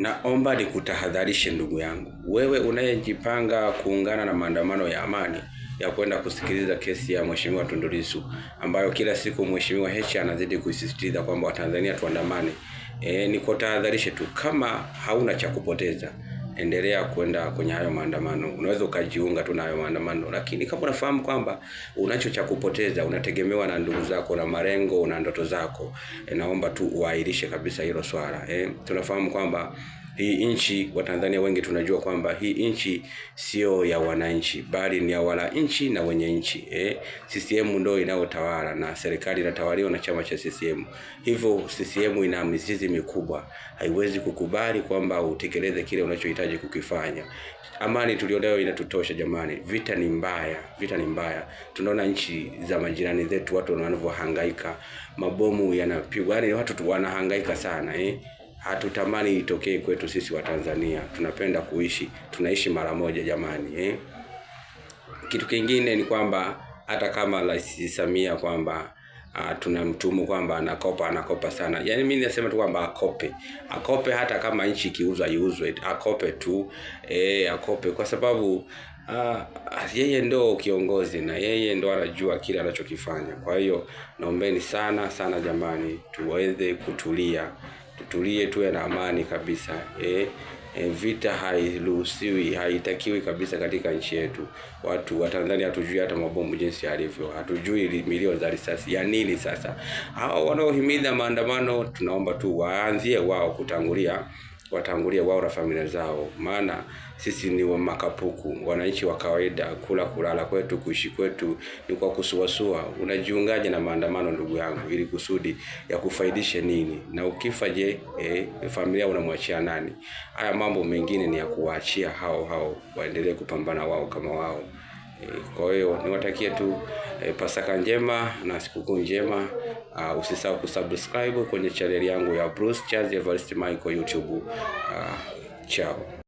Naomba nikutahadharishe ndugu yangu, wewe unayejipanga kuungana na maandamano ya amani ya kwenda kusikiliza kesi ya Mheshimiwa Tundu Lissu ambayo kila siku Mheshimiwa Heche anazidi kuisisitiza kwamba Watanzania tuandamane. E, nikutahadharishe tu, kama hauna cha kupoteza endelea kwenda kwenye hayo maandamano. Unaweza ukajiunga tu na hayo maandamano, lakini kama unafahamu kwamba unacho cha kupoteza, unategemewa na ndugu zako na malengo na ndoto zako, e, naomba tu uahirishe kabisa hilo swala. eh. tunafahamu kwamba hii nchi Watanzania wengi tunajua kwamba hii nchi sio ya wananchi, bali ni ya nchi na wenye nchi eh. CCM ndio inayotawala na serikali inatawaliwa na chama cha CCM. Hivyo CCM ina mizizi mikubwa, haiwezi kukubali kwamba utekeleze kile unachohitaji kukifanya. Amani tulionayo inatutosha jamani, vita ni mbaya, vita ni mbaya. Tunaona nchi za majirani zetu watu wanavyohangaika, mabomu yanapigwa, yani watu wanahangaika sana eh hatutamani itokee kwetu sisi wa Tanzania. Tunapenda kuishi, tunaishi mara moja jamani, eh? Kitu kingine ni kwamba hata kama Rais Samia kwamba Uh, tunamtumu kwamba anakopa anakopa sana. Yaani mimi nasema tu kwamba akope akope, hata kama nchi ikiuzwa iuzwe, akope tu eh, akope kwa sababu uh, yeye ndo kiongozi na yeye ndo anajua kile anachokifanya. Kwa hiyo naombeni sana sana jamani, tuweze kutulia tutulie, tuwe na amani kabisa eh. E, vita hairuhusiwi, haitakiwi kabisa katika nchi yetu. Watu wa Tanzania hatujui hata mabomu jinsi yalivyo, hatujui milio za risasi ya nini. Sasa hao wanaohimiza maandamano, tunaomba tu waanzie wao kutangulia watangulia wao na familia zao, maana sisi ni wa makapuku, wananchi wa kawaida. Kula kulala kwetu, kuishi kwetu ni kwa kusuasua. Unajiungaje na maandamano ndugu yangu, ili kusudi ya kufaidisha nini? Na ukifa je, eh, familia unamwachia nani? Haya mambo mengine ni ya kuwaachia hao hao waendelee kupambana wao kama wao. Eh, kwa hiyo niwatakie tu e, Pasaka njema na sikukuu njema. Uh, usisahau kusubscribe kwenye chaneli yangu ya Bruce Charles Evarist Michael YouTube. Uh, ah, chao.